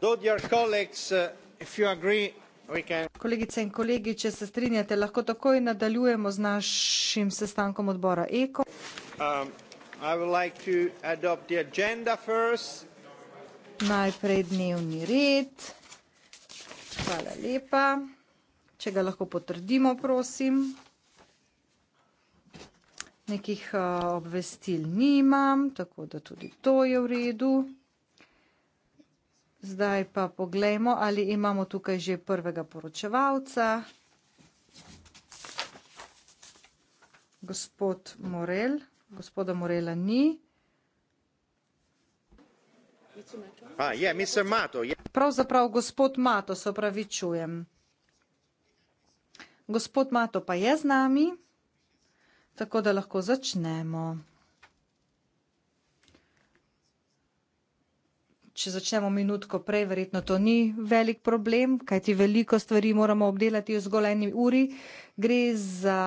Uh, kolegice in kolegi če se strinjate lahko takoj nadaljujemo z našim sestankom odbora eco um, najprej dnevni red hvala lepa če ga lahko potrdimo prosim nekih uh, obvestil nimam tako da tudi to je v redu Zdaj pa poglejmo, ali imamo tukaj že prvega poročevalca. Gospod Morel, gospoda Morela ni. A, ah, je, mister Mato. Je. Pravzaprav gospod Mato, se pravi, čujem. Gospod Mato pa je z nami, tako da lahko začnemo. če začnemo minutko prej, verjetno to ni velik problem, kajti veliko stvari moramo obdelati v zgolj eni uri. Gre za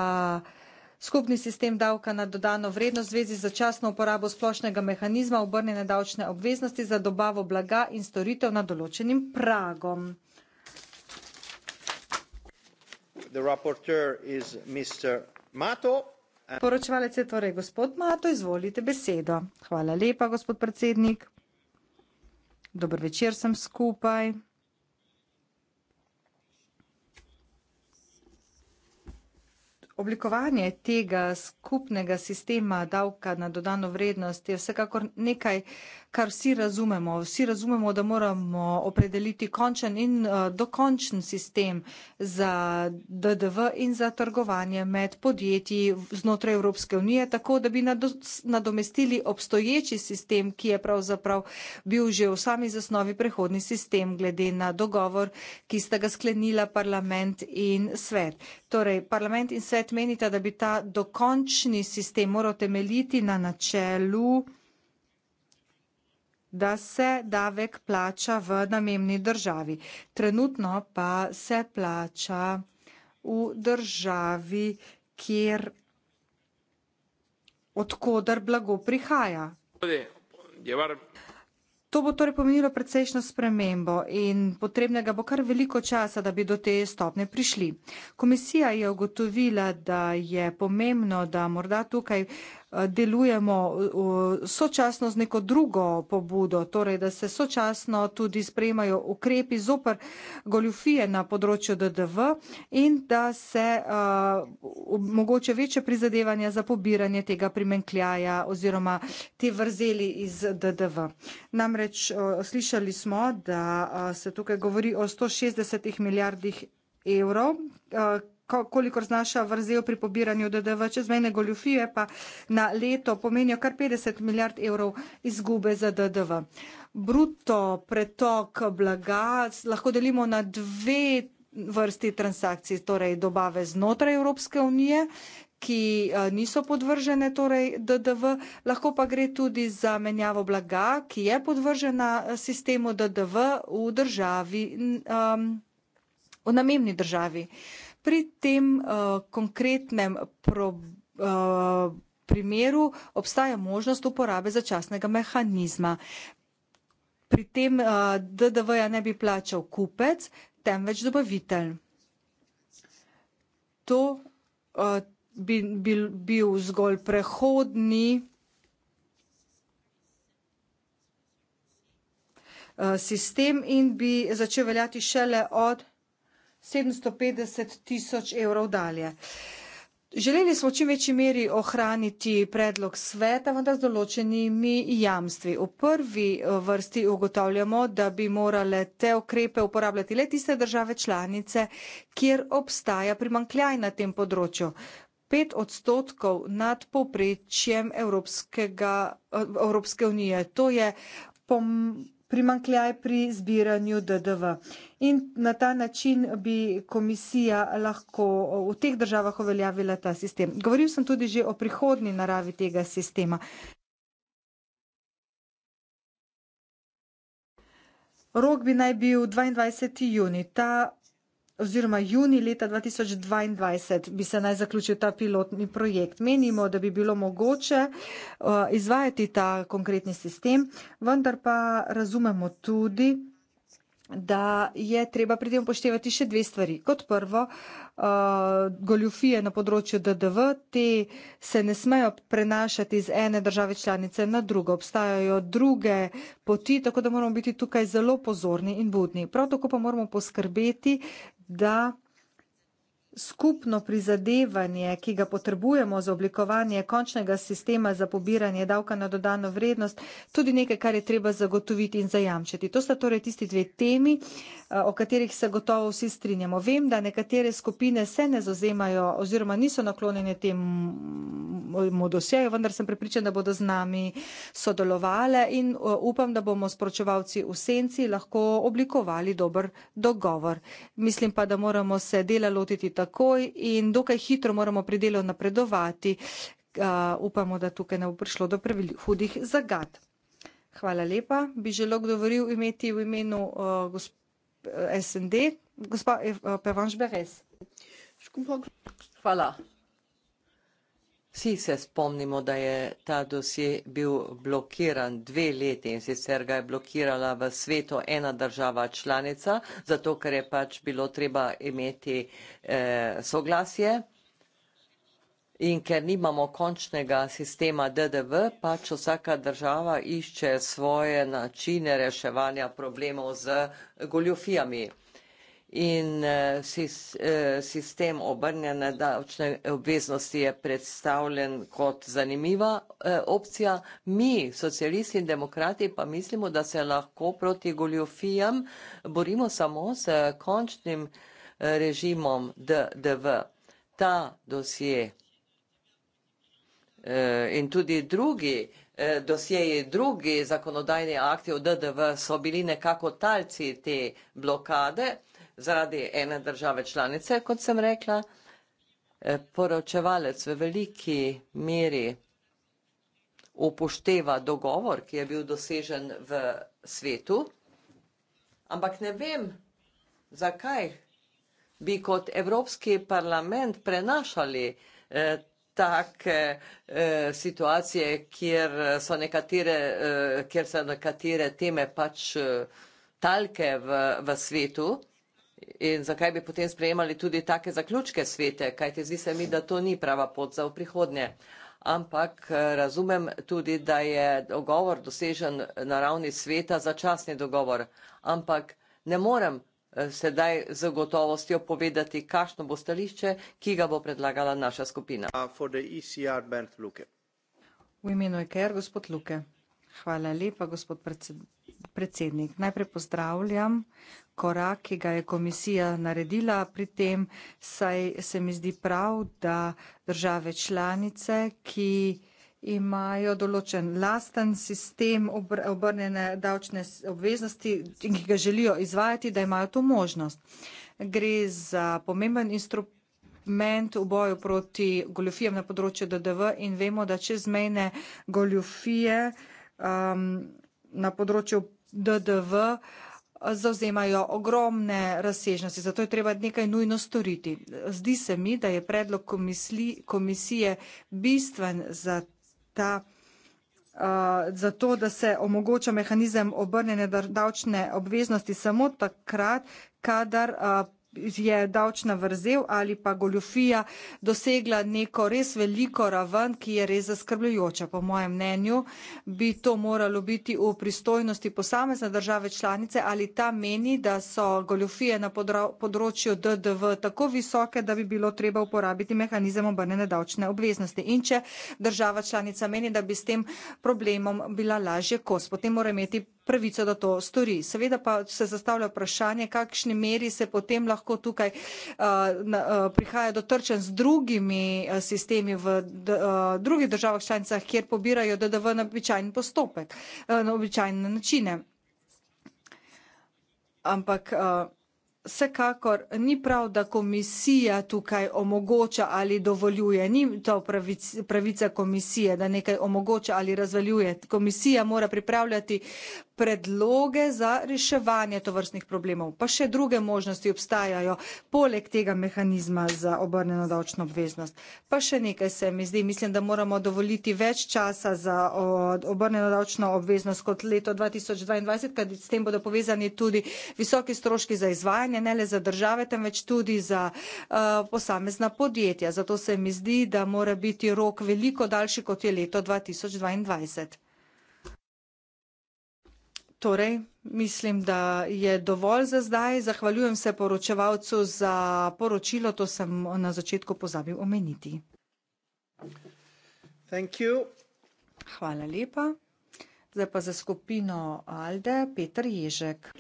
skupni sistem davka na dodano vrednost v zvezi z začasno uporabo splošnega mehanizma obrnjene davčne obveznosti za dobavo blaga in storitev na določenim pragom. Poročevalec je torej gospod Mato, izvolite besedo. Hvala lepa, gospod predsednik dober večer sem skupaj. Oblikovanje tega skupnega sistema davka na dodano vrednost je vsekakor nekaj, kar vsi razumemo. Vsi razumemo, da moramo opredeliti končen in eh, dokončen sistem za DDV in za trgovanje med podjetji znotraj Evropske unije, tako da bi nadomestili obstoječi sistem, ki je pravzaprav bil že v sami zasnovi prehodni sistem glede na dogovor, ki sta ga sklenila parlament in svet torej parlament in svet menita da bi ta dokončni sistem moral temeljiti na načelu da se davek plača v namemni državi trenutno pa se plača v državi kjer odkoder blago prihaja. To bo torej pomenilo precejšno spremembo in potrebnega bo kar veliko časa, da bi do te stopne prišli. Komisija je ugotovila, da je pomembno, da morda tukaj uh, Eh, delujemo eh, sočasno z neko drugo pobudo, torej da se sočasno tudi sprejemajo ukrepi zoper goljufije na področju DDV in da se eh, omogoče večje prizadevanje za pobiranje tega primenkljaja oziroma te vrzeli iz DDV. Namreč slišali smo, da se tukaj govori o 160 milijardih evrov, kolikor znaša vrzel pri pobiranju DDV, čezmejne goljufije pa na leto pomenijo kar 50 milijard evrov izgube za DDV. Bruto pretok blaga lahko delimo na dve vrsti transakcij, torej dobave znotraj Evropske unije, ki eh, niso podvržene torej DDV, lahko pa gre tudi za menjavo blaga, ki je podvržena eh, sistemu DDV v državi, um, v namemni državi. Uh, pri tem uh, konkretnem pro, uh, primeru obstaja možnost uporabe začasnega mehanizma. Pri tem uh, eh, DDV-ja ne bi plačal kupec, temveč dobavitelj. To uh, bi bil, bil zgolj prehodni uh, sistem in bi začel veljati šele od 750 tisoč evrov dalje. Želeli smo v čim večji meri ohraniti predlog sveta, vendar z določenimi jamstvi. V prvi eh, vrsti ugotavljamo, da bi morale te ukrepe uporabljati le tiste države članice, kjer obstaja primankljaj na tem področju. 5 odstotkov nad poprečjem eh, Evropske unije. To je primankljaj pri zbiranju DDV. In na ta način bi komisija lahko v teh državah uveljavila ta sistem. Govoril sem tudi že o prihodni naravi tega sistema. Rok bi naj bil 22. juni. Ta oziroma juni leta 2022 bi se naj zaključil ta pilotni projekt. Menimo, da bi bilo mogoče uh, izvajati ta konkretni sistem, vendar pa razumemo tudi, da je treba pri tem upoštevati še dve stvari. Kot prvo, uh, goljufije na področju DDV, te se ne smejo prenašati iz ene države članice na drugo. Obstajajo druge poti, tako da moramo biti tukaj zelo pozorni in budni. Prav tako pa moramo poskrbeti, da skupno prizadevanje, ki ga potrebujemo za oblikovanje končnega sistema za pobiranje davka na dodano vrednost, tudi nekaj, kar je treba zagotoviti in zajamčiti. To sta torej tisti dve temi, eh, o katerih se gotovo vsi strinjamo. Vem, da nekatere skupine se ne zauzemajo oziroma niso naklonjene tem modosejo, vendar sem prepričan, da bodo z nami sodelovale in eh, upam, da bomo sporočevalci v senci lahko oblikovali dober dogovor. Mislim pa, da moramo se dela lotiti tako, takoj in dokaj hitro moramo pri delu napredovati. Uh, upamo, da tukaj ne bo prišlo do hudih zagad. Hvala lepa. Bi želel govoril imeti v imenu uh, gospa SND, e, gospa uh, Pevanš Beres. Hvala. Vsi se spomnimo, da je ta dosje bil blokiran dve leti in sicer ga je blokirala v svetu ena država članica, zato ker je pač bilo treba imeti eh, soglasje. In ker nimamo končnega sistema DDV, pač vsaka država išče svoje načine reševanja problemov z goljofijami in eh, eh, sistem obrnjene davčne obveznosti je predstavljen kot zanimiva eh, opcija. Mi, socialisti in demokrati, pa mislimo, da se lahko proti goljofijam borimo samo s končnim režimom DDV. Ta dosje in tudi drugi dosjeji, drugi zakonodajni akti v DDV so bili nekako talci te blokade, zaradi ene države članice kot sem rekla eh, poročevalec v veliki meri upošteva dogovor, ki je bil dosežen v svetu, ampak ne vem, zakaj bi kot Evropski parlament prenašali eh, take eh, situacije, kjer, nekatere, eh, kjer so nekatere teme pač eh, talke v, v svetu in zakaj bi potem sprejemali tudi take zaključke svete, kajte zdi se mi, da to ni prava pot za v prihodnje. Ampak eh, razumem tudi, da je dogovor dosežen na ravni sveta začasni dogovor. Ampak ne morem eh, sedaj z gotovostjo povedati, kakšno bo stališče, ki ga bo predlagala naša skupina. Uh, e v imenu EKR, gospod Luke. Hvala lepa, gospod predsednik. Najprej pozdravljam korak, ki ga je komisija naredila pri tem, saj se mi zdi prav, da države članice, ki imajo določen lasten sistem obrnjene davčne obveznosti in ki ga želijo izvajati, da imajo to možnost. Gre za pomemben instrument v boju proti goljofijem na področju DDV in vemo, da čezmejne goljofije uh, um, na področju DDV zauzemajo ogromne razsežnosti, zato je treba nekaj nujno storiti. Zdi se mi, da je predlog komisli, komisije bistven za, ta, uh, za to, da se omogoča mehanizem obrnjene davčne obveznosti samo takrat, kadar uh, je davčna vrzel ali pa goljofija dosegla neko res veliko raven, ki je res zaskrbljujoča. Po mojem mnenju bi to moralo biti v pristojnosti posamezne države članice ali ta meni, da so goljofije na področju DDV tako visoke, da bi bilo treba uporabiti mehanizem obrnene davčne obveznosti. In če država članica meni, da bi s tem problemom bila lažje kos, potem mora imeti pravico, da to stori. Seveda pa se zastavlja vprašanje, kakšni meri se potem lahko tukaj uh, na, uh, prihaja do trčen z drugimi uh, sistemi v uh, drugih državah članicah, kjer pobirajo DDV na običajen postopek, uh, na običajne načine. Ampak. Uh, Vsekakor ni prav, da komisija tukaj omogoča ali dovoljuje. Ni to pravica komisije, da nekaj omogoča ali razveljuje. Komisija mora pripravljati predloge za reševanje tovrstnih problemov. Pa še druge možnosti obstajajo poleg tega mehanizma za obrneno davčno obveznost. Pa še nekaj se mi zdi, mislim, da moramo dovoliti več časa za obrneno davčno obveznost kot leto 2022, kaj s tem bodo povezani tudi visoki stroški za izvajanje, ne le za države, temveč tudi za uh, posamezna podjetja. Zato se mi zdi, da mora biti rok veliko daljši kot je leto 2022. Torej, mislim, da je dovolj za zdaj. Zahvaljujem se poročevalcu za poročilo, to sem na začetku pozabil omeniti. Hvala lepa. Zdaj pa za skupino Alde, Peter Ježek.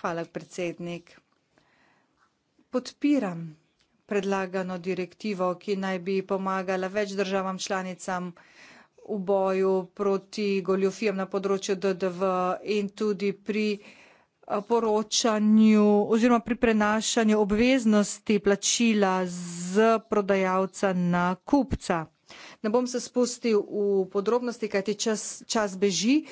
Hvala, predsednik. Podpiram predlagano direktivo, ki naj bi pomagala več državam članicam v boju proti goljofijam na področju DDV in tudi pri eh, poročanju oziroma pri prenašanju obveznosti plačila z prodajalca na kupca. Ne bom se spustil v podrobnosti, kajti čas, čas beži,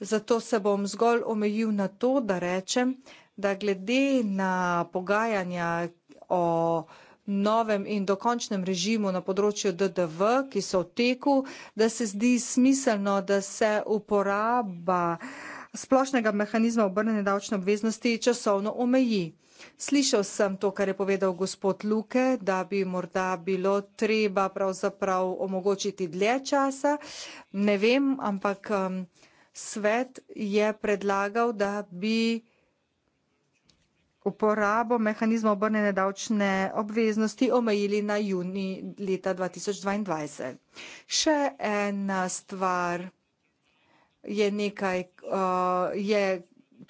zato se bom zgolj omejil na to, da rečem, da glede na pogajanja o novem in dokončnem režimu na področju DDV, ki so v teku, da se zdi smiselno, da se uporaba splošnega mehanizma obrnjene davčne obveznosti časovno omeji. Slišal sem to, kar je povedal gospod Luke, da bi morda bilo treba pravzaprav omogočiti dlje časa. Ne vem, ampak um, svet je predlagal, da bi uporabo mehanizma obrnjene davčne obveznosti omejili na juni leta 2022. Še ena stvar je nekaj, uh, je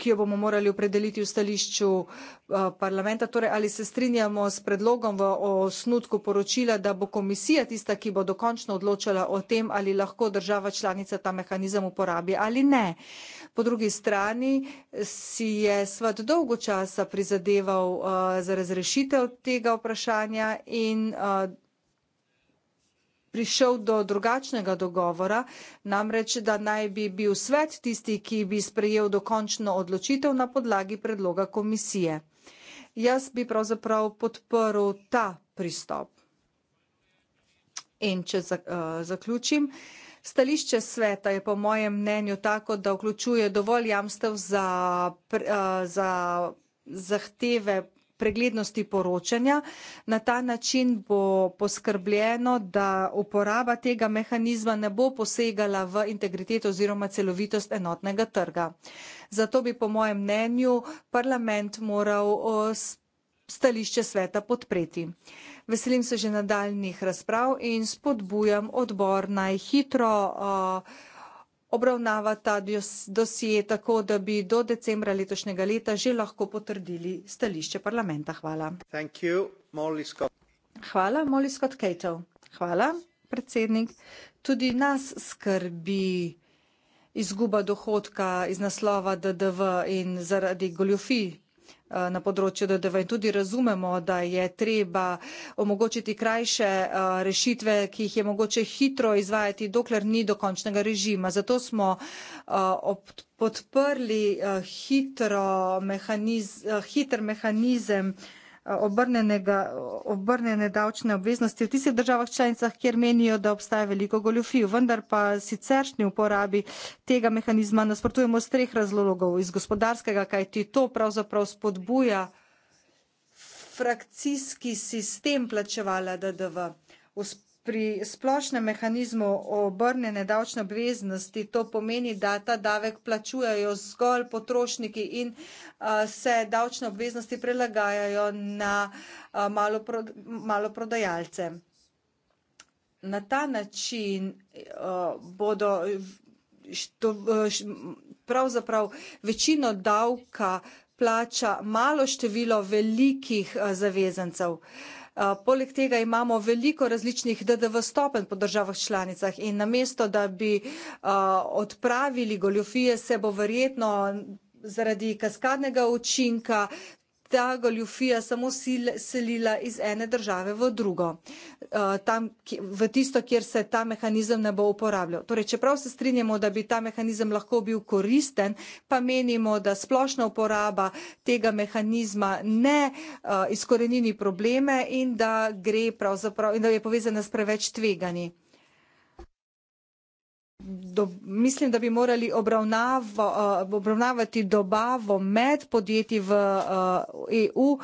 ki jo bomo morali opredeliti v stališču eh, parlamenta. Torej, ali se strinjamo s predlogom v osnutku poročila, da bo komisija tista, ki bo dokončno odločala o tem, ali lahko država članica ta mehanizem uporabi ali ne. Po drugi strani si je svet dolgo časa prizadeval uh, za razrešitev tega vprašanja in uh, prišel do drugačnega dogovora, namreč da naj bi bil svet tisti, ki bi sprejel dokončno odločitev na podlagi predloga komisije. Jaz bi pravzaprav podporil ta pristop. In če eh, zaključim, stališče sveta je po mojem mnenju tako, da vključuje dovolj jamstev za eh, zahteve predloga, preglednosti poročanja. Na ta način bo poskrbljeno, da uporaba tega mehanizma ne bo posegala v integriteto oziroma celovitost enotnega trga. Zato bi po mojem mnenju parlament moral stališče sveta podpreti. Veselim se že nadaljnih razprav in spodbujam odbor najhitro uh, obravnava ta dosije tako, da bi do decembra letošnjega leta že lahko potrdili stališče parlamenta. Hvala. You, Molly Hvala, Molly Scott Cato. Hvala, predsednik. Tudi nas skrbi izguba dohodka iz naslova DDV in zaradi goljofij Eh, na področju DDV in tudi razumemo, da je treba omogočiti krajše eh, rešitve, ki jih je mogoče hitro izvajati, dokler ni dokončnega režima. Zato smo eh, podprli hitro mehanizem, hiter mehanizem Eh, obrnenega, obrnene davčne obveznosti v tistih državah članicah, kjer menijo, da obstaja veliko goljofijo. Vendar pa siceršnji uporabi tega mehanizma nasprotujemo z treh razlogov. Iz gospodarskega, kaj ti to pravzaprav spodbuja frakcijski sistem plačevala DDV pri splošnem mehanizmu obrnjene davčne obveznosti to pomeni, da ta davek plačujejo zgolj potrošniki in se davčne obveznosti prelagajajo na maloprodajalce. Na ta način bodo pravzaprav večino davka plača malo število velikih zavezancev. Eh, poleg tega imamo veliko različnih DDV stopen po državah članicah in namesto, da bi eh, odpravili goljofije, se bo verjetno zaradi kaskadnega učinka ta goljufija samo sil, selila iz ene države v drugo, eh, tam, v tisto, kjer se ta mehanizem ne bo uporabljal. Torej, čeprav se strinjamo, da bi ta mehanizem lahko bil koristen, pa menimo, da splošna uporaba tega mehanizma ne eh, izkorenini probleme in da, gre, in da je povezana s preveč tveganji do, mislim, da bi morali obravnavo, uh, obravnavati dobavo med podjetji v uh, eh, EU uh,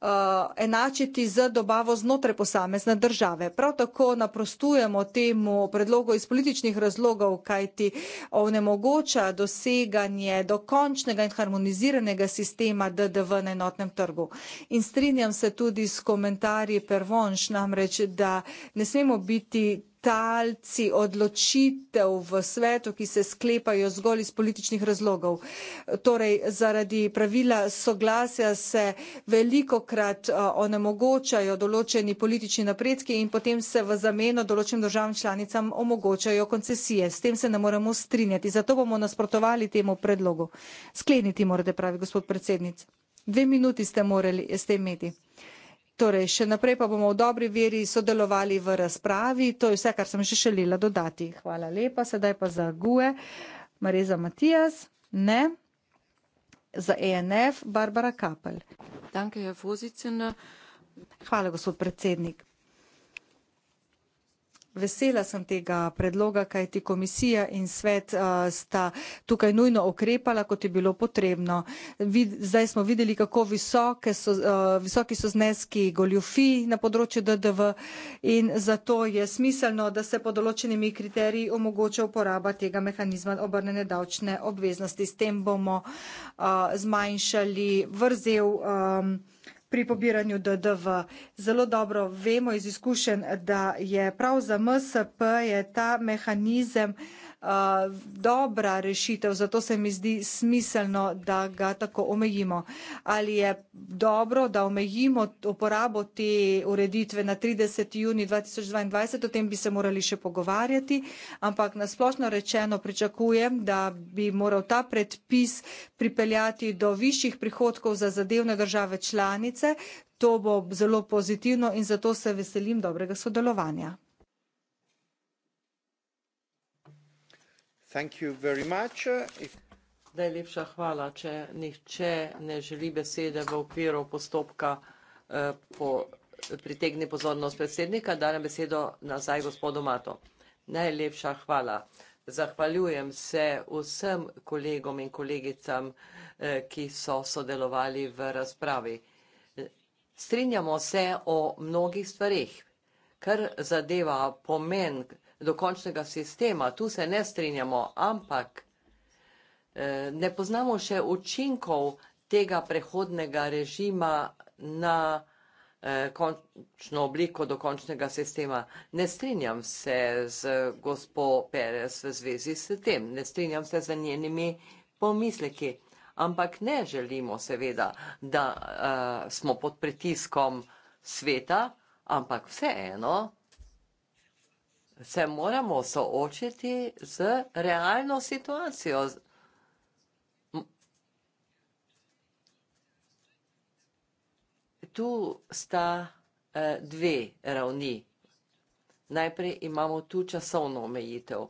eh, enačiti z dobavo znotraj posamezne države. Prav tako naprostujemo temu predlogu iz političnih razlogov, kajti onemogoča doseganje dokončnega in harmoniziranega sistema DDV na enotnem trgu. In strinjam se tudi s komentarji Pervonš, namreč, da ne smemo biti talci odločitev v svetu, ki se sklepajo zgolj iz političnih razlogov. Torej, zaradi pravila soglasja se veliko krat eh, onemogočajo določeni politični napredki in potem se v zameno določenim državam članicam omogočajo koncesije. S tem se ne moremo strinjati. Zato bomo nasprotovali temu predlogu. Skleniti morate, pravi gospod predsednic. Dve minuti ste morali s tem imeti. Torej, še naprej pa bomo v dobri veri sodelovali v razpravi. To je vse, kar sem že želela dodati. Hvala lepa. Sedaj pa za GUE. Mareza Matijas. Ne. Za ENF. Barbara Kapelj. Hvala, gospod predsednik. Vesela sem tega predloga, kaj ti komisija in svet uh, sta tukaj nujno okrepala, kot je bilo potrebno. Vid, zdaj smo videli, kako so, uh, visoki so zneski goljufij na področju DDV in zato je smiselno, da se pod določenimi kriteriji omogoča uporaba tega mehanizma obrnene davčne obveznosti. S tem bomo uh, zmanjšali vrzel. Um, pri pobiranju DDV. Zelo dobro vemo iz izkušenj, da je prav za MSP je ta mehanizem dobra rešitev, zato se mi zdi smiselno, da ga tako omejimo. Ali je dobro, da omejimo uporabo te ureditve na 30. juni 2022, o tem bi se morali še pogovarjati, ampak nasplošno rečeno pričakujem, da bi moral ta predpis pripeljati do višjih prihodkov za zadevne države članice. To bo zelo pozitivno in zato se veselim dobrega sodelovanja. Thank you very much. If... Najlepša hvala. Če nihče ne želi besede v okviru postopka eh, po, pritegni pozornost predsednika, dajem besedo nazaj gospodu Mato. Najlepša hvala. Zahvaljujem se vsem kolegom in kolegicam, eh, ki so sodelovali v razpravi. Strinjamo se o mnogih stvarih, kar zadeva pomen do končnega sistema. Tu se ne strinjamo, ampak eh, ne poznamo še učinkov tega prehodnega režima na eh, končno obliko do končnega sistema. Ne strinjam se z gospo Perez v zvezi s tem, ne strinjam se z njenimi pomisleki, ampak ne želimo seveda, da eh, smo pod pritiskom sveta, ampak vseeno se moramo soočiti z realno situacijo. Tu sta eh, dve ravni. Najprej imamo tu časovno omejitev.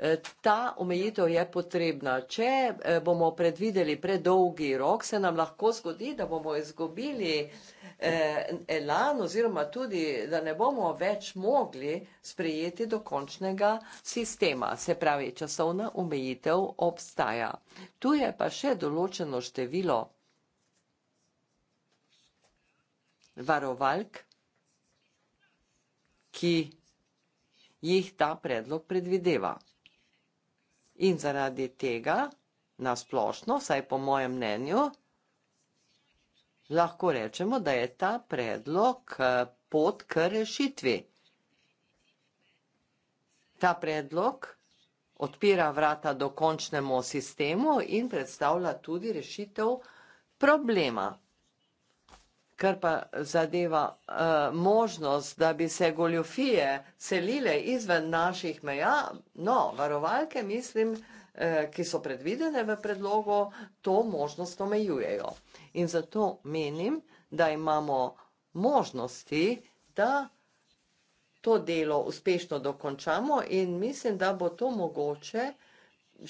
Eh, ta omejitev je potrebna. Če eh, bomo predvideli predolgi rok, se nam lahko zgodi, da bomo izgubili časovno omejitev eh, elan oziroma tudi, da ne bomo več mogli sprejeti dokončnega sistema. Se pravi, časovna omejitev obstaja. Tu je pa še določeno število varovalk, ki jih ta predlog predvideva. In zaradi tega, nasplošno, saj po mojem mnenju, lahko rečemo, da je ta predlog eh, pot k rešitvi. Ta predlog odpira vrata dokončnemu sistemu in predstavlja tudi rešitev problema. Kar pa zadeva uh, možnost, da bi se goljofije selile izven naših meja, no, varovalke mislim, Eh, ki so predvidene v predlogu, to možnost omejujejo. In zato menim, da imamo možnosti, da to delo uspešno dokončamo in mislim, da bo to mogoče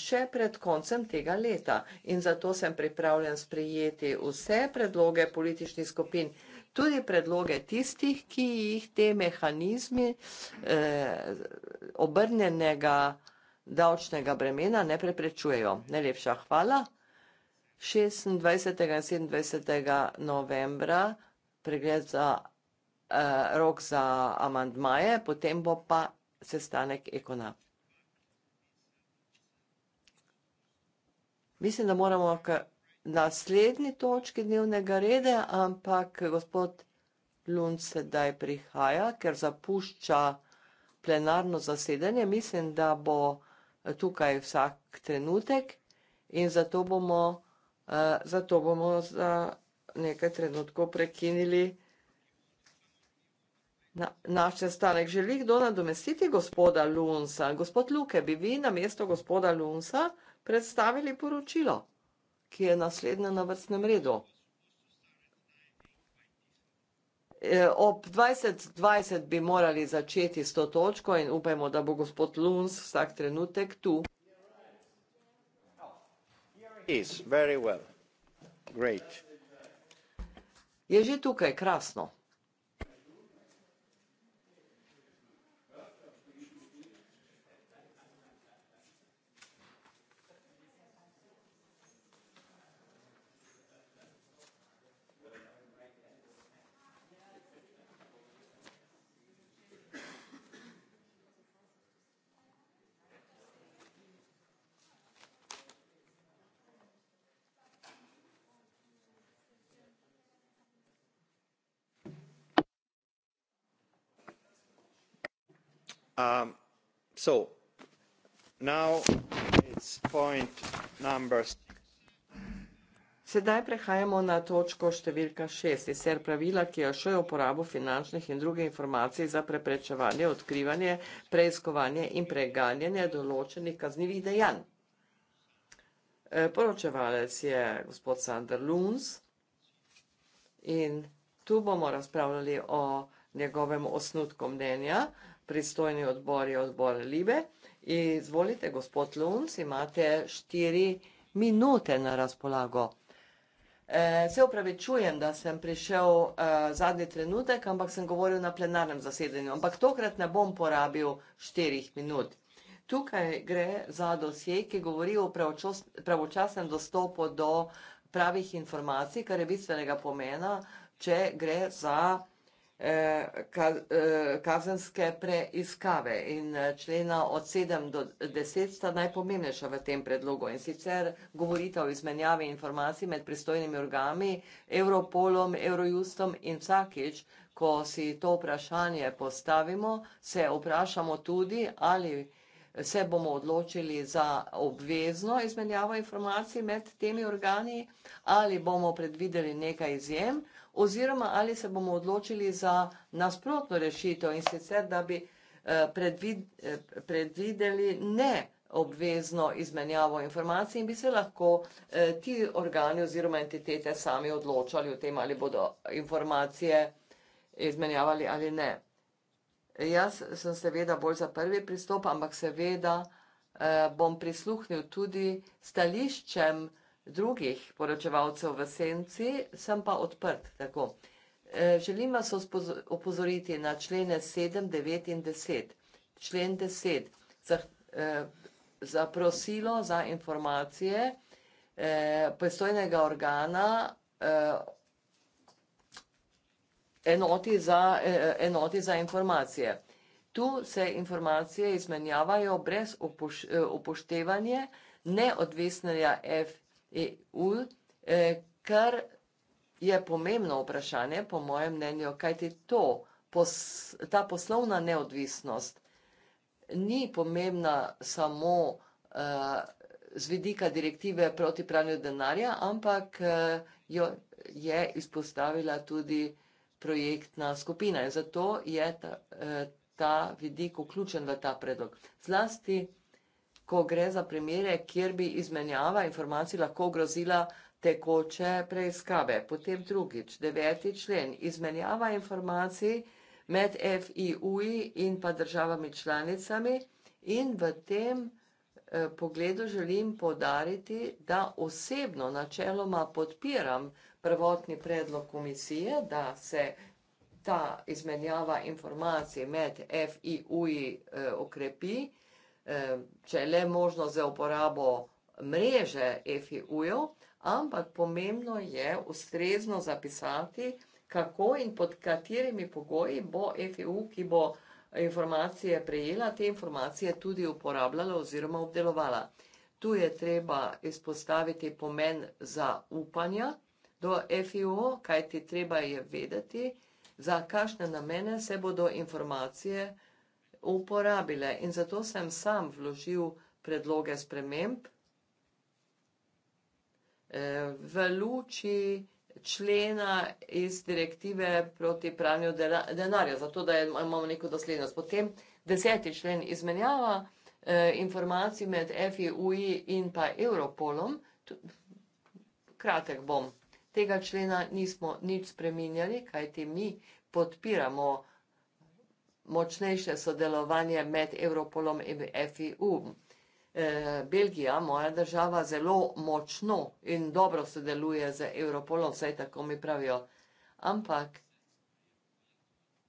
še pred koncem tega leta. In zato sem pripravljen sprejeti vse predloge političnih skupin, tudi predloge tistih, ki jih te mehanizmi eh, obrnenega davčnega bremena ne preprečujejo. Najlepša hvala. 26. in 27. novembra pregled za eh, rok za amandmaje, potem bo pa sestanek ekona. Mislim, da moramo k naslednji točki dnevnega reda, ampak gospod Lund sedaj prihaja, ker zapušča plenarno zasedanje. Mislim, da bo tukaj vsak trenutek in zato bomo, uh, zato bomo za nekaj trenutkov prekinili na, naš sestanek. Želi kdo nadomestiti gospoda Lunsa? Gospod Luke, bi vi na mesto gospoda Lunsa predstavili poročilo, ki je naslednje na vrstnem redu? Eh, ob 2020 bi morali začeti s to točko in upajmo, da bo gospod Luns vsak trenutek tu. Je že tukaj, krasno. Um, so now it's point number Sedaj prehajamo na točko številka šest, in sicer pravila, ki ošujejo uporabo finančnih in druge informacije za preprečevanje, odkrivanje, preiskovanje in preganjanje določenih kaznjivih dejanj. E, poročevalec je gospod Sander Luns in tu bomo razpravljali o njegovem osnutku mnenja pristojni odbor je odbor Libe. Izvolite, gospod Lunc, imate štiri minute na razpolago. E, se upravičujem, da sem prišel e, zadnji trenutek, ampak sem govoril na plenarnem zasedanju. Ampak tokrat ne bom porabil štirih minut. Tukaj gre za dosje, ki govori o pravočasnem dostopu do pravih informacij, kar je bistvenega pomena, če gre za Eh, eh, kazenske preiskave in eh, člena od sedem do deset sta najpomembnejša v tem predlogu in sicer govorita o izmenjavi informacij med pristojnimi organi, Europolom, Eurojustom in vsakič, ko si to vprašanje postavimo, se vprašamo tudi, ali se bomo odločili za obvezno izmenjavo informacij med temi organi ali bomo predvideli nekaj izjem oziroma ali se bomo odločili za nasprotno rešitev in sicer, da bi eh, predvid, eh, predvideli ne obvezno izmenjavo informacij in bi se lahko eh, ti organi oziroma entitete sami odločali o tem, ali bodo informacije izmenjavali ali ne. Jaz sem seveda bolj za prvi pristop, ampak seveda eh, bom prisluhnil tudi stališčem eh, drugih poročevalcev v senci, sem pa odprt. Tako. E, želim vas opozoriti na člene 7, 9 in 10. Člen 10. Zaprosilo za, e, za informacije e, pristojnega organa enoti za, enoti za informacije. Tu se informacije izmenjavajo brez upoštevanja neodvisnega FDA. EU, eh, kar je pomembno vprašanje, po mojem mnenju, kajti to, ta poslovna neodvisnost ni pomembna samo eh, z vidika direktive proti pranju denarja, ampak eh, jo je izpostavila tudi projektna skupina in zato je ta, ta vidik vključen v ta predlog. Zlasti ko gre za primere, kjer bi izmenjava informacij lahko grozila tekoče preiskave. Potem drugič, deveti člen, izmenjava informacij med FIU-ji in pa državami članicami in v tem eh, pogledu želim podariti, da osebno načeloma podpiram prvotni predlog komisije, da se ta izmenjava informacij med FIU-ji eh, okrepi če le možno za uporabo mreže FIU-jo, ampak pomembno je ustrezno zapisati, kako in pod katerimi pogoji bo FIU, ki bo informacije prejela, te informacije tudi uporabljala oziroma obdelovala. Tu je treba izpostaviti pomen za upanja do FIO, kaj ti treba je vedeti, za kakšne namene se bodo informacije prejela uporabile in zato sem sam vložil predloge sprememb eh, v luči člena iz direktive proti pranju denarja, zato da imamo neko doslednost. Potem deseti člen izmenjava eh, informacij med FIUI in pa Europolom. Kratek bom. Tega člena nismo nič spreminjali, kajti mi podpiramo vsega, močnejše sodelovanje med Europolom in FIU. E, Belgija, moja država, zelo močno in dobro sodeluje z Europolom, vsaj tako mi pravijo. Ampak,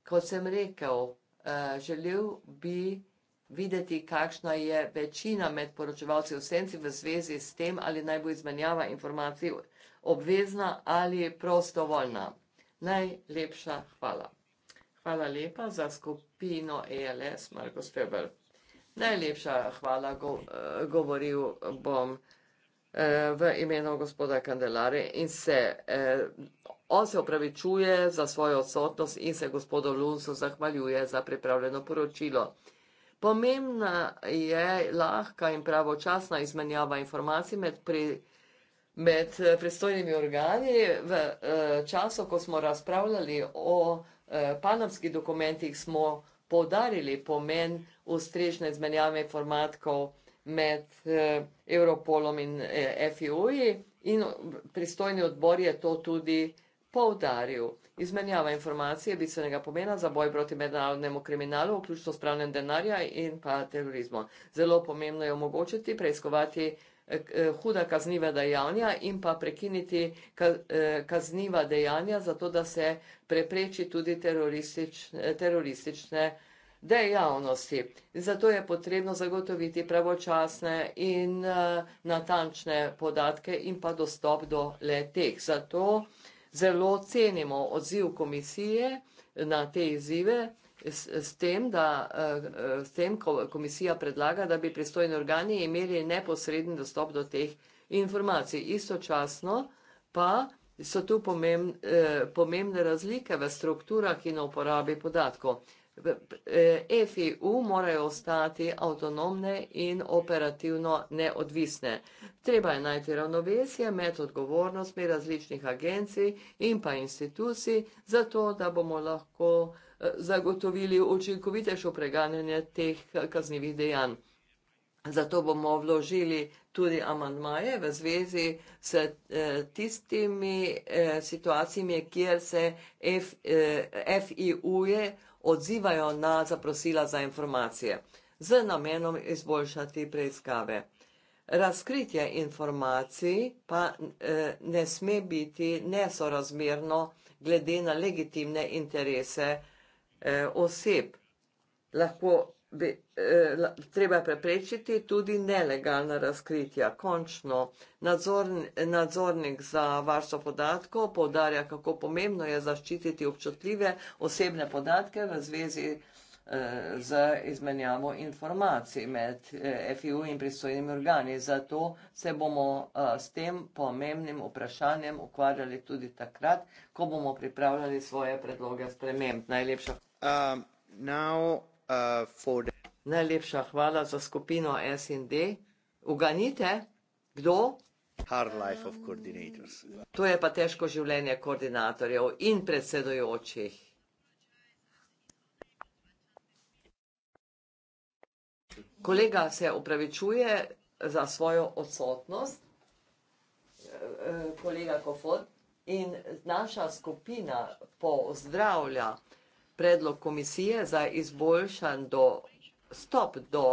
kot sem rekel, e, želel bi videti, kakšna je večina med poročevalci v senci v zvezi s tem, ali naj bo izmenjava informacij obvezna ali prostovoljna. Najlepša hvala. Hvala lepa za skupino ELS, Marko Stebr. Najlepša hvala, go, eh, govoril bom eh, v imenu gospoda Kandelare in se, eh, on se opravičuje za svojo odsotnost in se gospodu Lunsu zahvaljuje za pripravljeno poročilo. Pomembna je lahka in pravočasna izmenjava informacij med, pri, med pristojnimi organi v času, ko smo razpravljali o Eh, panamskih dokumentih smo povdarili pomen ustrežne izmenjave informatkov med eh, Europolom in eh, FIU-ji in pristojni odbor je to tudi povdaril. Izmenjava informacij je bistvenega pomena za boj proti mednarodnemu kriminalu, vključno s pravnem denarja in pa terorizmu. Zelo pomembno je omogočiti preiskovati eh, eh, huda kazniva dejanja in pa prekiniti eh, kazniva dejanja, zato da se prepreči tudi teroristične dejavnosti. Zato je potrebno zagotoviti pravočasne in natančne podatke in pa dostop do le teh. Zato zelo cenimo odziv komisije na te izzive. S, s tem, da eh, s tem, ko komisija predlaga, da bi pristojni organi imeli neposreden dostop do teh informacij. Istočasno pa so tu pomembne eh, razlike v strukturah in uporabi podatkov. EFIU morajo ostati avtonomne in operativno neodvisne. Treba je najti ravnovesje med odgovornostmi različnih agencij in pa institucij, zato da bomo lahko e, zagotovili učinkovitejšo preganjanje teh kaznjivih dejanj. Zato bomo vložili tudi amandmaje v zvezi s e, tistimi e, situacijami, kjer se FIU je odvisno odzivajo na zaprosila za informacije z namenom izboljšati preiskave. Razkritje informacij pa e, ne sme biti nesorazmerno glede na legitimne interese e, oseb. Lahko bi, eh, treba preprečiti tudi nelegalna razkritja. Končno, nadzorn, nadzornik za varstvo podatkov povdarja, kako pomembno je zaščititi občutljive osebne podatke v zvezi eh, z izmenjavo informacij med eh, FIU in pristojnimi organi. Zato se bomo eh, s tem pomembnim vprašanjem ukvarjali tudi takrat, ko bomo pripravljali svoje predloge sprememb. Najlepša. Um, now for the... Najlepša hvala za skupino S&D. Uganite, kdo? Hard life of coordinators. To je pa težko življenje koordinatorjev in predsedojočih. Kolega se upravičuje za svojo odsotnost, eh, kolega Kofod, in naša skupina pozdravlja predlog komisije za izboljšan dostop do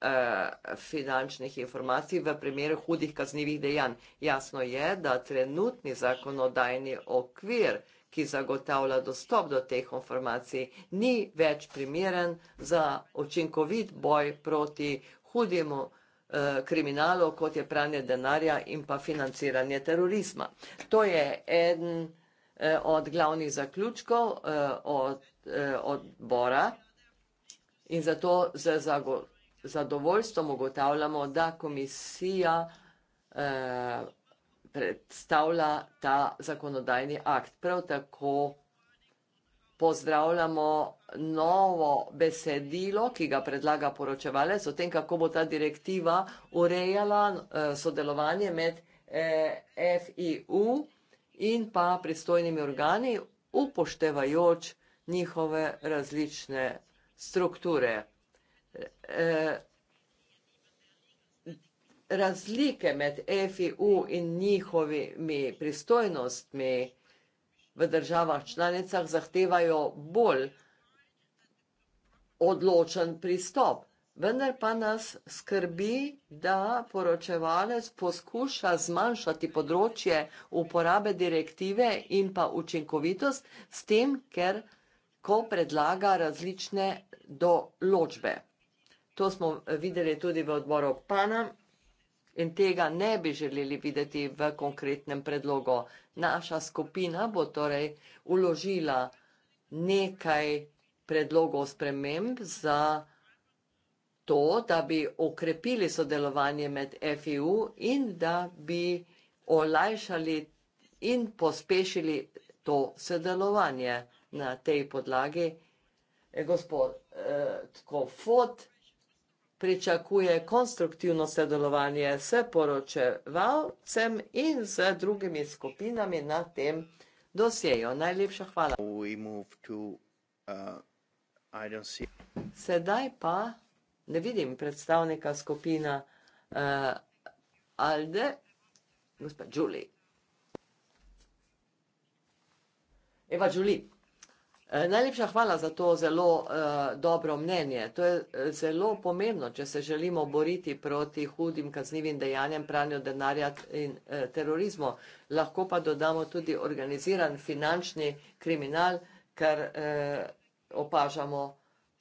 eh, finančnih informacij v primeru hudih kaznjivih dejanj. Jasno je, da trenutni zakonodajni okvir, ki zagotavlja dostop do teh informacij, ni več primeren za očinkovit boj proti hudemu eh, kriminalu, kot je pranje denarja in pa financiranje terorizma. To je en izboljšan Eh, od glavnih zaključkov eh, eh, odbora in zato z zadovoljstvom ugotavljamo, da komisija predstavlja ta zakonodajni akt. Prav tako pozdravljamo novo besedilo, ki ga predlaga poročevalec o tem, kako bo ta direktiva urejala sodelovanje med FIU in in pa predstojnimi organi, upoštevajoč njihove različne strukture. E, razlike med FIU in njihovimi pristojnostmi v državah članicah zahtevajo bolj odločen pristop. Vendar pa nas skrbi, da poročevalec poskuša zmanjšati področje uporabe direktive in pa učinkovitost s tem, ker ko predlaga različne določbe. To smo videli tudi v odboru PANA in tega ne bi želeli videti v konkretnem predlogu. Naša skupina bo torej uložila nekaj predlogov sprememb za to, da bi okrepili sodelovanje med FEU in da bi olajšali in pospešili to sodelovanje na tej podlagi. E, gospod, eh, tako FOD pričakuje konstruktivno sodelovanje s poročevalcem in z drugimi skupinami na tem dosjeju. Najlepša hvala. To, uh, Sedaj pa ne vidim predstavnika skupina uh, Alde, gospod Đuli. Eva Đuli, eh, najlepša hvala za to zelo uh, dobro mnenje. To je zelo pomembno, če se želimo boriti proti hudim kaznivim dejanjem pranju denarja in uh, terorizmu. Lahko pa dodamo tudi organiziran finančni kriminal, kar uh, opažamo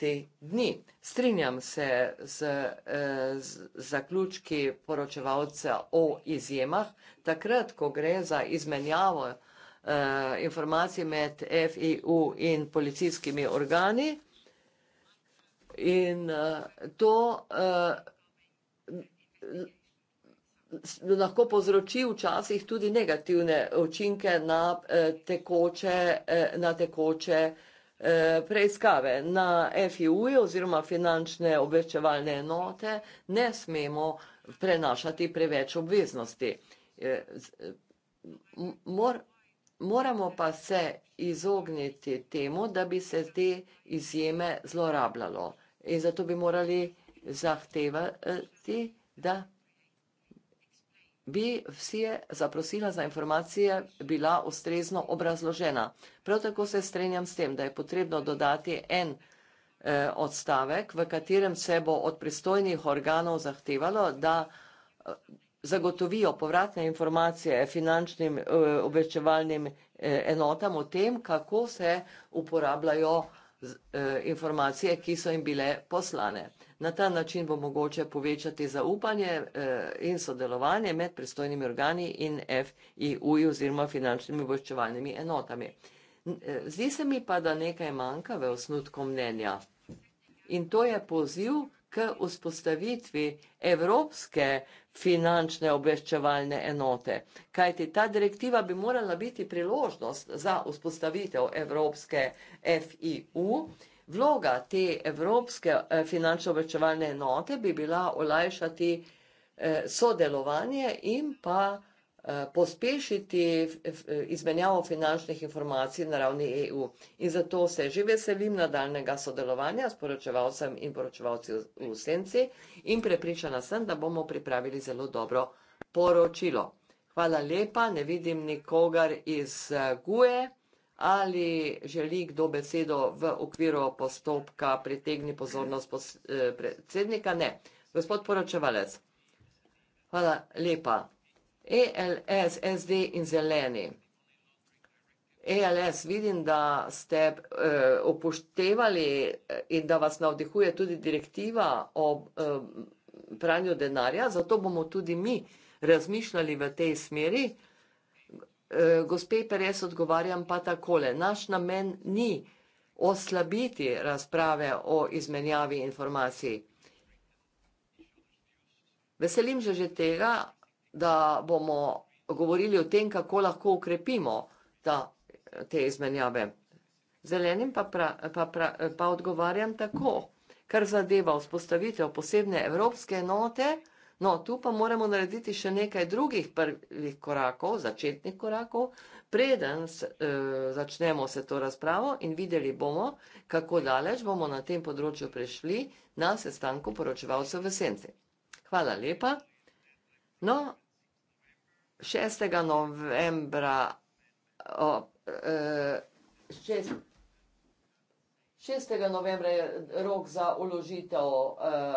te dni. Strinjam se z, eh, z zaključki poročevalca o izjemah. Takrat, ko gre za izmenjavo eh, informacij med FEU in policijskimi organi, in eh, to lahko povzroči včasih tudi negativne učinke na tekoče, na tekoče, Eh, preiskave na FIU-ju oziroma finančne obveščevalne enote ne smemo prenašati preveč obveznosti. Eh, eh, mor, moramo pa se izogniti temu, da bi se te izjeme zlorabljalo in zato bi morali zahtevati, da bi vse zaprosila za informacije bila ustrezno obrazložena. Prav tako se strenjam s tem, da je potrebno dodati en eh, odstavek, v katerem se bo od pristojnih organov zahtevalo, da eh, zagotovijo povratne informacije finančnim eh, obveščevalnim enotam o tem, kako se uporabljajo informacije. Eh, informacije, ki so jim bile poslane. Na ta način bo mogoče povečati zaupanje eh, in sodelovanje med pristojnimi organi in FIU oziroma finančnimi obveščevalnimi enotami. Eh, zdi se mi pa, da nekaj manjka v osnutku mnenja. In to je poziv k vzpostavitvi Evropske finančne obveščevalne enote. Kajti ta direktiva bi morala biti priložnost za vzpostavitev Evropske FIU. Vloga te Evropske eh, finančne obveščevalne enote bi bila olajšati eh, sodelovanje in pa pospešiti izmenjavo finančnih informacij na ravni EU. In zato se že veselim nadaljnega sodelovanja s poročevalcem in poročevalci v Lusenci in prepričana sem, da bomo pripravili zelo dobro poročilo. Hvala lepa, ne vidim nikogar iz GUE ali želi kdo besedo v okviru postopka pritegni pozornost pos, eh, predsednika. Ne, gospod poročevalec. Hvala lepa. ELS, SD in zeleni. ELS, vidim, da ste uh, upoštevali eh, in da vas navdihuje tudi direktiva o uh, eh, pranju denarja, zato bomo tudi mi razmišljali v tej smeri. Uh, gospe Perez odgovarjam pa takole. Naš namen ni oslabiti razprave o izmenjavi informacij. Veselim že, že tega, da bomo govorili o tem, kako lahko ukrepimo ta, te izmenjave. Zelenim pa, pra, pa, pra, pa odgovarjam tako, kar zadeva vzpostavitev posebne evropske enote, no tu pa moramo narediti še nekaj drugih prvih korakov, začetnih korakov, preden s, e, začnemo se to razpravo in videli bomo, kako daleč bomo na tem področju prišli na sestanku poročevalcev v Senci. Hvala lepa. No, 6. novembra, ob, eh, šest, 6. novembra je rok za uložitev eh,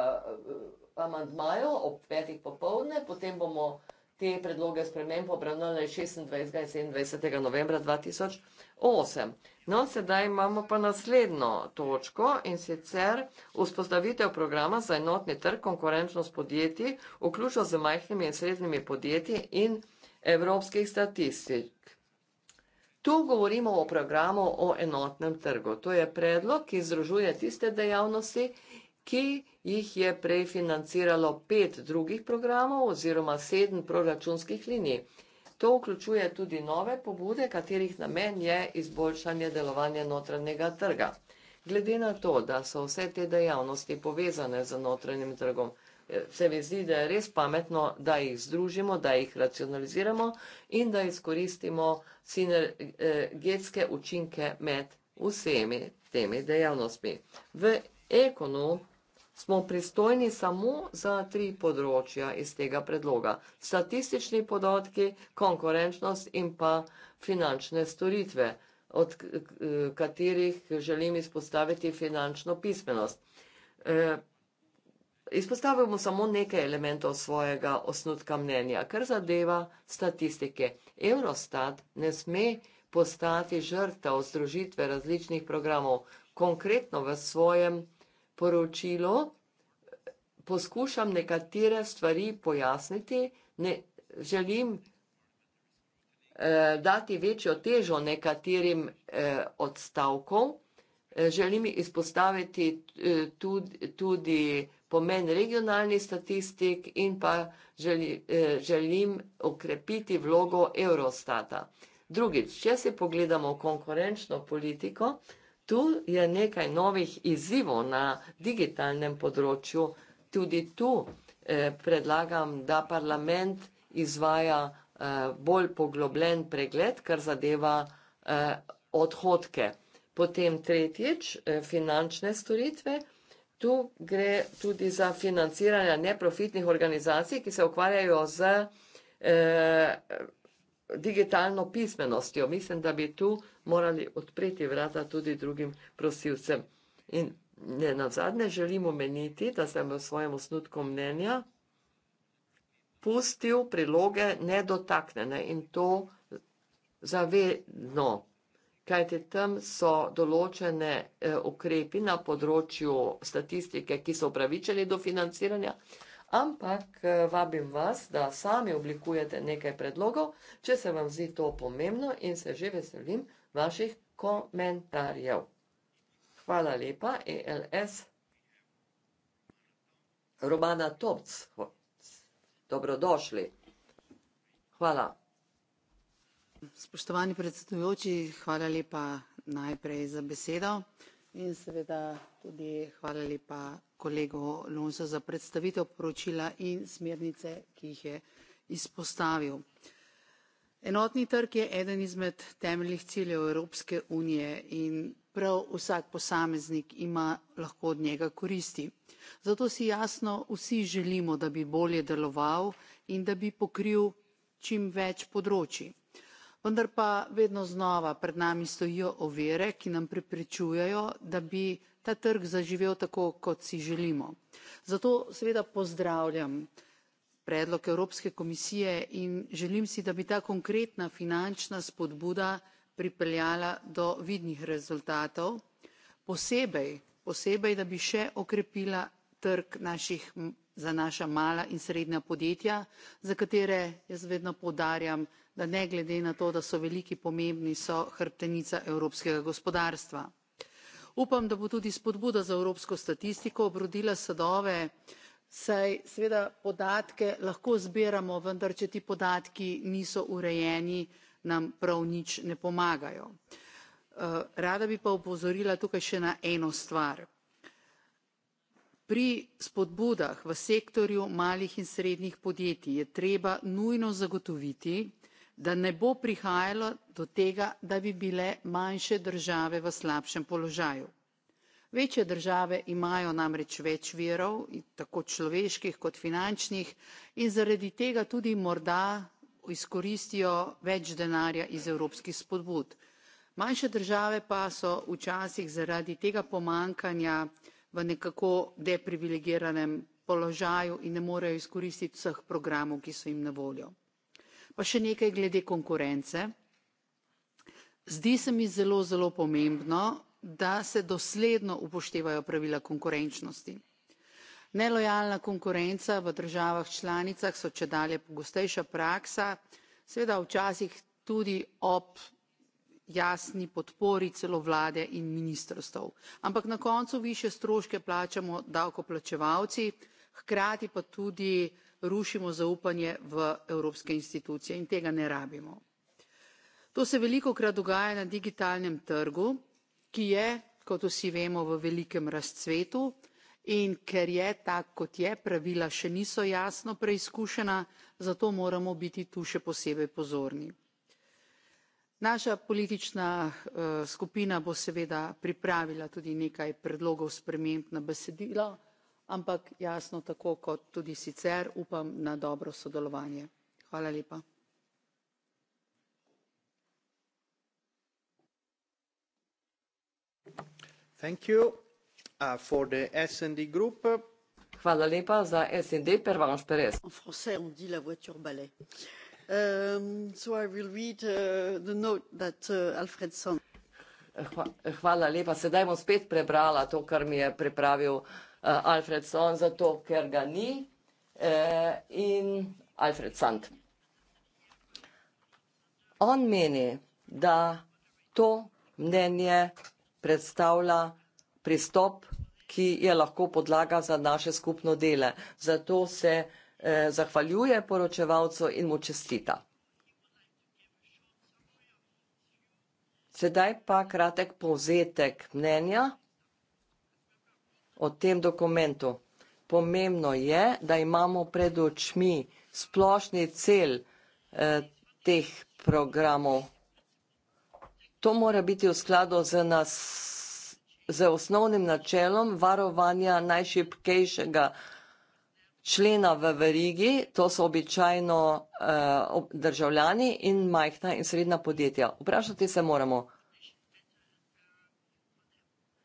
amantmajo ob 5. popovdne, potem bomo te predloge spremembo obravnali 26. in 27. novembra 2008. No, sedaj imamo pa naslednjo točko in sicer vzpostavitev programa za enotni trg konkurenčnost podjetij, vključno z majhnimi in srednjimi podjetji in evropskih statistik. Tu govorimo o programu o enotnem trgu. To je predlog, ki združuje tiste dejavnosti, ki jih je prej financiralo pet drugih programov oziroma sedem proračunskih linij. To vključuje tudi nove pobude, katerih namen je izboljšanje delovanja notranjega trga. Glede na to, da so vse te dejavnosti povezane z notranjim trgom, eh, se mi zdi, da je res pametno, da jih združimo, da jih racionaliziramo in da izkoristimo sinergetske učinke med vsemi temi dejavnostmi. V ekonu smo pristojni samo za tri področja iz tega predloga. Statistični podatki, konkurenčnost in pa finančne storitve, od katerih želim izpostaviti finančno pismenost. E, izpostavimo samo nekaj elementov svojega osnutka mnenja, kar zadeva statistike. Eurostat ne sme postati žrtev združitve različnih programov, konkretno v svojem programu, poročilo poskušam nekatere stvari pojasniti, ne želim eh, dati večjo težo nekaterim eh, odstavkom, eh, želim izpostaviti eh, tudi, tudi pomen regionalnih statistik in pa želi, eh, želim okrepiti vlogo Eurostata. Drugič, če si pogledamo konkurenčno politiko, eh, Tu je nekaj novih izzivov na digitalnem področju. Tudi tu eh, predlagam, da parlament izvaja eh, bolj poglobljen pregled, kar zadeva eh, odhodke. Potem tretjič, eh, finančne storitve. Tu gre tudi za financiranje neprofitnih organizacij, ki se ukvarjajo z eh, digitalno pismenostjo. Mislim, da bi tu morali odpreti vrata tudi drugim prosilcem. In ne, na zadnje želim omeniti, da sem v svojem osnutku mnenja pustil priloge nedotaknjene in to zavedno, kajte tam so določene eh, ukrepi na področju statistike, ki so upravičeni do financiranja, ampak eh, vabim vas, da sami oblikujete nekaj predlogov, če se vam zdi to pomembno in se že veselim vaših komentarjev. Hvala lepa, ELS. Romana Topc, dobrodošli. Hvala. Spoštovani predsedujoči, hvala lepa najprej za besedo in seveda tudi hvala lepa kolegu Lonsu za predstavitev poročila in smernice, ki jih je izpostavil. Enotni trg je eden izmed temeljnih ciljev Evropske unije in prav vsak posameznik ima lahko od njega koristi. Zato si jasno vsi želimo, da bi bolje deloval in da bi pokril čim več področji vendar pa vedno znova pred nami stojijo ovire, ki nam preprečujejo, da bi ta trg zaživel tako, kot si želimo. Zato seveda pozdravljam predlog Evropske komisije in želim si, da bi ta konkretna finančna spodbuda pripeljala do vidnih rezultatov, posebej, posebej da bi še okrepila trg naših, za naša mala in srednja podjetja, za katere jaz vedno poudarjam, da ne glede na to da so veliki pomembni so hrbtenica evropskega gospodarstva. upam da bo tudi spodbuda za evropsko statistiko obrodila sadove saj seveda podatke lahko zbiramo vendar če ti podatki niso urejeni nam prav nič ne pomagajo. Eh, rada bi pa opozorila tukaj še na eno stvar. pri spodbudah v sektorju malih in srednjih podjetij je treba nujno zagotoviti da ne bo prihajalo do tega da bi bile manjše države v slabšem položaju. večje države imajo namreč več virov tako človeških kot finančnih in zaradi tega tudi morda izkoristijo več denarja iz evropskih spodbud manjše države pa so včasih zaradi tega pomanjkanja v nekako deprivilegiranem položaju in ne morejo izkoristiti vseh programov ki so jim na voljo pa še nekaj glede konkurence zdi se mi zelo zelo pomembno da se dosledno upoštevajo pravila konkurenčnosti. nelojalna konkurenca v državah članicah so čedalje pogostejša praksa seveda včasih tudi ob jasni podpori celo vlade in ministrstev ampak na koncu višje stroške plačamo davkoplačevalci hkrati pa tudi rušimo zaupanje v evropske institucije in tega ne rabimo. to se velikokrat dogaja na digitalnem trgu ki je kot vsi vemo v velikem razcvetu in ker je tak kot je pravila še niso jasno preizkušena zato moramo biti tu še posebej pozorni. naša politična eh, skupina bo seveda pripravila tudi nekaj predlogov sprememb na besedilo ampak jasno tako kot tudi sicer upam na dobro sodelovanje. Hvala lepa. Thank you uh, for the SD group. Hvala lepa za SD Pervance Perez. En français on dit la voiture balai. Um, so I will read uh, the note that uh, Alfred Hva, Hvala lepa, sedaj bom spet prebrala to, kar mi je pripravil uh, Eh, Alfred Sloan, zato ker ga ni. Eh, in Alfred Sand. On meni, da to mnenje predstavlja pristop, ki je lahko podlaga za naše skupno dele. Zato se eh, zahvaljuje poročevalcu in mu čestita. Sedaj pa kratek povzetek mnenja o tem dokumentu. Pomembno je, da imamo pred očmi splošni cel eh, teh programov. To mora biti v skladu z, nas, z osnovnim načelom varovanja najšipkejšega člena v verigi, to so običajno eh, državljani in majhna in srednja podjetja. Vprašati se moramo,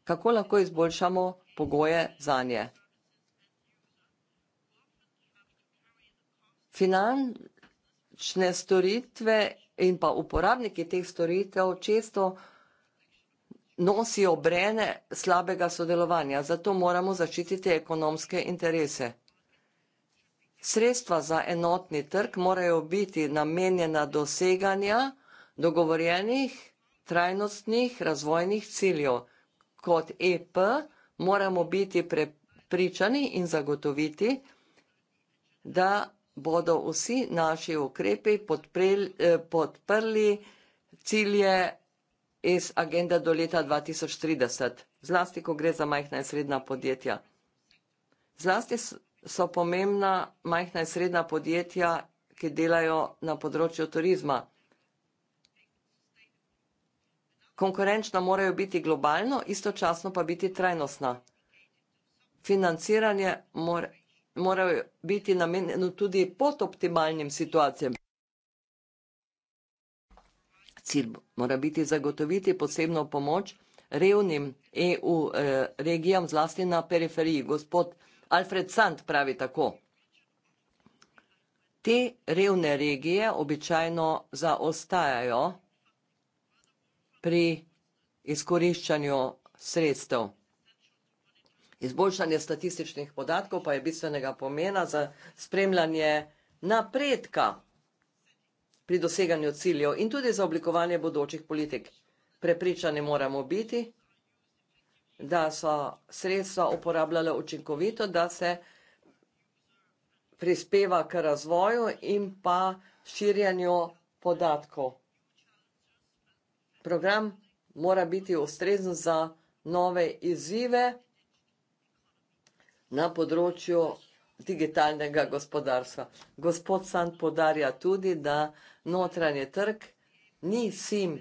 kako lahko izboljšamo pogoje zanje. Finančne storitve in pa uporabniki teh storitev često nosijo brene slabega sodelovanja, zato moramo zaščititi ekonomske interese. Sredstva za enotni trg morajo biti namenjena doseganja dogovorjenih trajnostnih razvojnih ciljev kot EP, moramo biti prepričani in zagotoviti, da bodo vsi naši ukrepi podprel, eh, podprli cilje iz agende do leta 2030, zlasti, ko gre za majhna in srednja podjetja. Zlasti so pomembna majhna in srednja podjetja, ki delajo na področju turizma konkurenčna morajo biti globalno, istočasno pa biti trajnostna. Financiranje mor, morajo biti namenjeno tudi pod optimalnim situacijam. Cilj mora biti zagotoviti posebno pomoč revnim EU eh, regijam, zlasti na periferiji. Gospod Alfred Sand pravi tako. Te revne regije običajno zaostajajo pri izkoriščanju sredstev. Izboljšanje statističnih podatkov pa je bistvenega pomena za spremljanje napredka pri doseganju ciljev in tudi za oblikovanje bodočih politik. Prepričani moramo biti, da so sredstva uporabljale učinkovito, da se prispeva k razvoju in pa širjanju podatkov program mora biti ustrezen za nove izzive na področju digitalnega gospodarstva. Gospod Sand podarja tudi, da notranje trg ni, sim,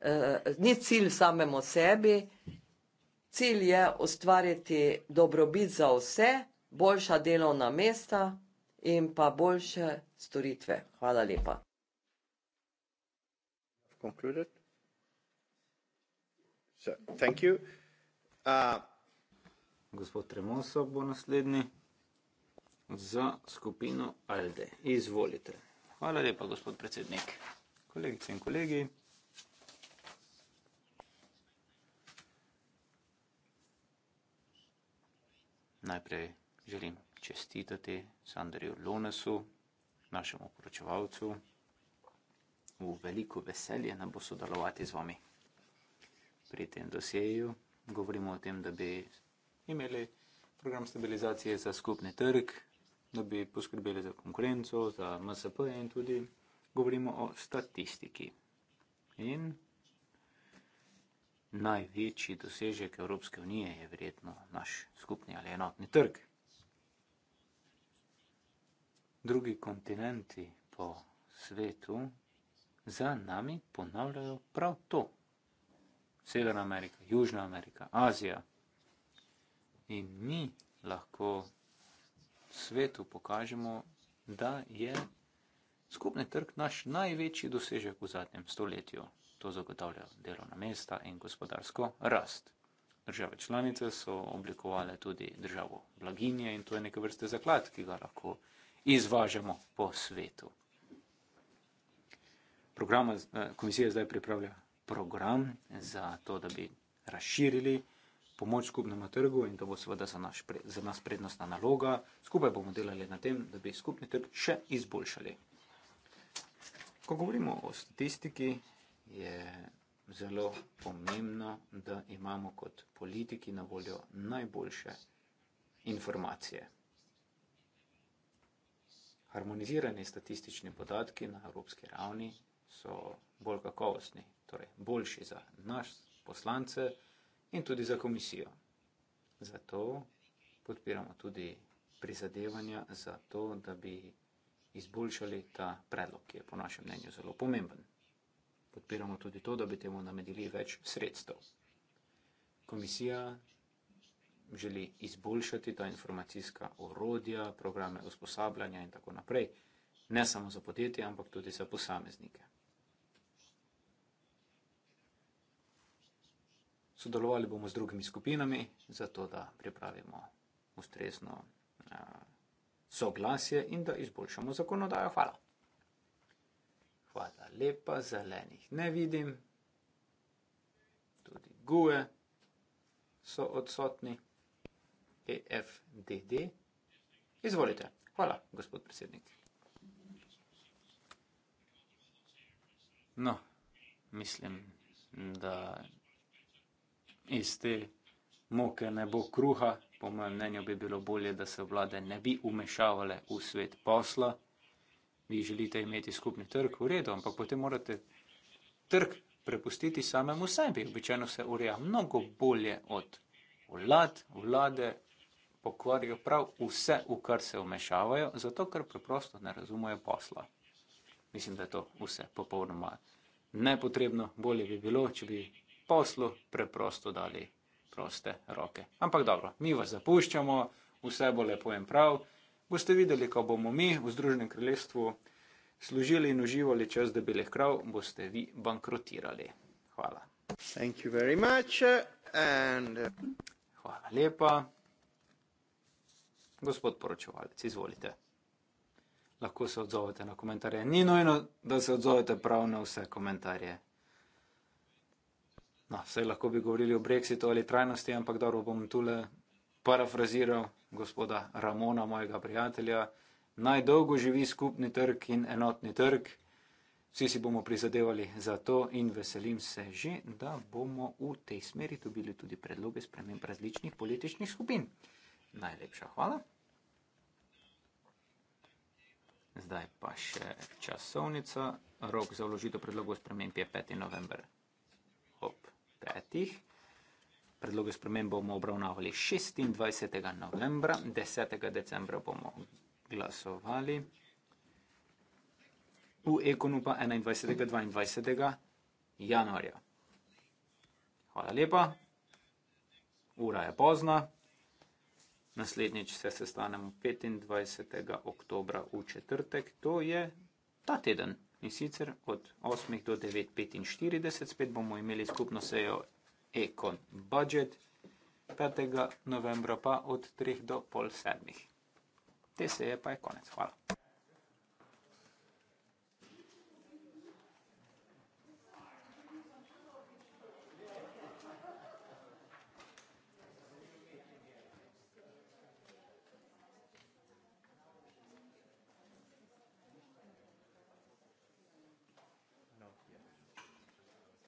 eh, ni cilj samemu sebi, cilj je ustvariti dobrobit za vse, boljša delovna mesta in pa boljše storitve. Hvala lepa. Concluded. Uh, gospod Tremoso bo naslednji za skupino ALDE. Izvolite. Hvala lepa, gospod predsednik. Kolegice in kolegi. Najprej želim čestitati Sandriju Lonesu, našemu poročevalcu. V veliko veselje nam bo sodelovati z vami pri tem dosjeju. Govorimo o tem, da bi imeli program stabilizacije za skupni trg, da bi poskrbeli za konkurenco, za MSP in tudi govorimo o statistiki. In največji dosežek Evropske unije je verjetno naš skupni ali enotni trg. Drugi kontinenti po svetu za nami ponavljajo prav to. Severna Amerika, Južna Amerika, Azija. In mi lahko svetu pokažemo, da je skupni trg naš največji dosežek v zadnjem stoletju. To zagotavlja delovna mesta in gospodarsko rast. Države članice so oblikovale tudi državo blaginje in to je neke vrste zaklad, ki ga lahko izvažamo po svetu. Program eh, komisije zdaj pripravlja program za to, da bi razširili pomoč skupnemu trgu in to bo seveda za, naš, za nas prednostna naloga. Skupaj bomo delali na tem, da bi skupni trg še izboljšali. Ko govorimo o statistiki, je zelo pomembno, da imamo kot politiki na voljo najboljše informacije. Harmonizirani statistični podatki na evropski ravni so bolj kakovostni, torej boljši za naš poslance in tudi za komisijo. Zato podpiramo tudi prizadevanja za to, da bi izboljšali ta predlog, ki je po našem mnenju zelo pomemben. Podpiramo tudi to, da bi temu namedili več sredstev. Komisija želi izboljšati ta informacijska orodja, programe usposabljanja in tako naprej, ne samo za podjetje, ampak tudi za posameznike. Sodelovali bomo z drugimi skupinami, zato da pripravimo ustrezno uh, soglasje in da izboljšamo zakonodajo. Hvala. Hvala lepa, zelenih ne vidim, tudi guje so odsotni, EFDD. Izvolite. Hvala, gospod predsednik. No, mislim, da iz te moke ne bo kruha. Po mojem mnenju bi bilo bolje, da se vlade ne bi umešavale v svet posla. Vi želite imeti skupni trg, v redu, ampak potem morate trg prepustiti samemu sebi. Običajno se ureja mnogo bolje od vlad, vlade pokvarijo prav vse, v kar se umešavajo, zato ker preprosto ne razumejo posla. Mislim, da je to vse popolnoma nepotrebno. Bolje bi bilo, če bi poslu preprosto dali proste roke. Ampak dobro, mi vas zapuščamo, vse bo lepo in prav. Boste videli, ko bomo mi v Združenem kraljestvu služili in uživali čas, da bi leh krav, boste vi bankrotirali. Hvala. Thank you very much. And... Hvala lepa. Gospod poročevalec, izvolite. Lahko se odzovete na komentarje. Ni nojno, da se odzovete prav na vse komentarje no, vse lahko bi govorili o brexitu ali trajnosti, ampak dobro bom tule parafraziral gospoda Ramona, mojega prijatelja. Naj dolgo živi skupni trg in enotni trg. Vsi si bomo prizadevali za to in veselim se že, da bomo v tej smeri dobili tudi predloge sprememb različnih političnih skupin. Najlepša hvala. Zdaj pa še časovnica. Rok za vložitev predlogov sprememb je 5. november petih. Predloge spremen bomo obravnavali 26. novembra, 10. decembra bomo glasovali v Ekonu pa 21. 22. januarja. Hvala lepa, ura je pozna, naslednjič se sestanemo 25. oktobra v četrtek, to je ta teden in sicer od 8 do 9.45, spet bomo imeli skupno sejo Econ Budget, 5. novembra pa od 3 do pol 7. Te seje pa je konec. Hvala.